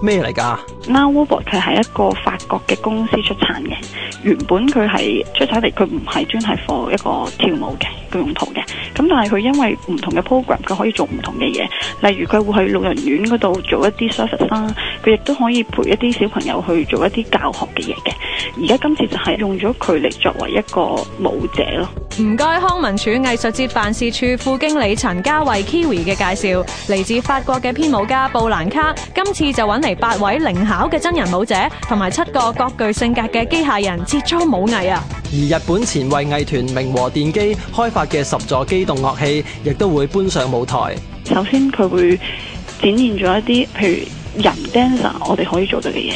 咩嚟噶？NAO robot 佢係一個法國嘅公司出產嘅，原本佢係出產嚟，佢唔係專係做一個跳舞嘅個用途嘅。咁但係佢因為唔同嘅 program，佢可以做唔同嘅嘢，例如佢會去老人院嗰度做一啲 service 啦，佢亦都可以陪一啲小朋友去做一啲教學嘅嘢嘅。而家今次就係用咗佢嚟作為一個舞者咯。唔該，康文署藝術節辦事處副經理陳家慧 Kiwi 嘅介紹，嚟自法國嘅編舞家布蘭卡，今次就揾嚟八位靈巧嘅真人舞者，同埋七個各具性格嘅機械人，切磋舞藝啊！而日本前衛藝團明和電機開發嘅十座機動樂器，亦都會搬上舞台。首先佢會展現咗一啲，譬如人 dancer，我哋可以做到嘅嘢，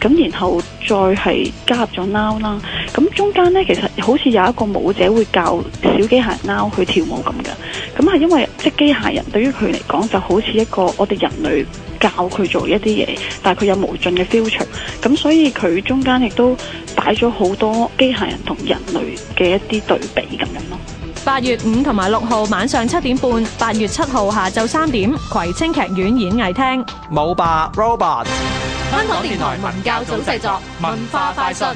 咁然後。再係加入咗 Now 啦，咁中間呢，其實好似有一個舞者會教小機械 Now 去跳舞咁嘅，咁係因為即係機械人對於佢嚟講就好似一個我哋人類教佢做一啲嘢，但係佢有無盡嘅 future，咁所以佢中間亦都擺咗好多機械人同人類嘅一啲對比咁樣咯。八月五同埋六號晚上七點半，八月七號下晝三點，葵青劇院演藝廳。舞霸 robot。香港電台文教組製作，文化快訊。